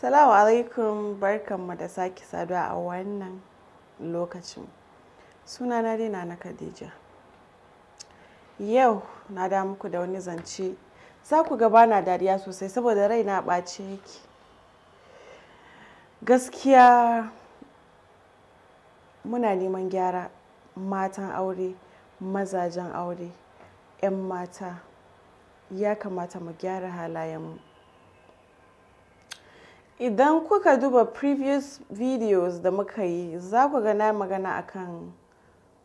Salamu alaikum barkanmu da sake saduwa a wannan lokacin. Suna na dina na Khadija. Yau na da muku da wani zance. Za ku gaba na dariya sosai saboda rai na ɓace yake. Gaskiya muna neman gyara matan aure, mazajen aure, 'yan mata. Ya kamata mu gyara halayenmu. Idan kuka duba previous videos da muka yi za ku gana magana akan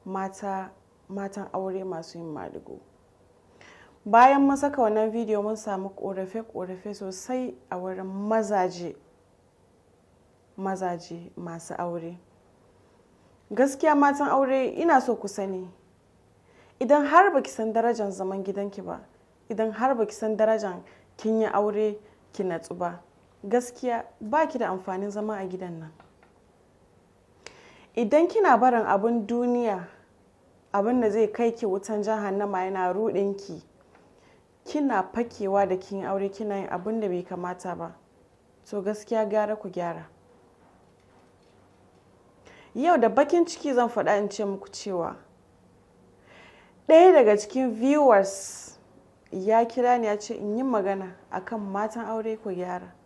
mata matan aure masu yin maligo Bayan mun saka wannan video mun samu korafe-korafe sosai a wurin mazaje mazaje masu aure. Gaskiya matan aure ina so ku sani idan har baki san darajar zaman gidanki ba idan har baki san darajar kin yi aure ki natsu ba. gaskiya ba ki da amfanin zama a gidan nan idan kina barin abin duniya abin da zai kai ki wutan jahannama yana ruɗinki kina fakewa da kin aure kina yin abin da bai kamata ba to gaskiya gyara ku gyara yau da bakin ciki zan faɗa in ce muku cewa ɗaya daga cikin viewers ya kira ni ya ce in yi magana akan matan aure ku gyara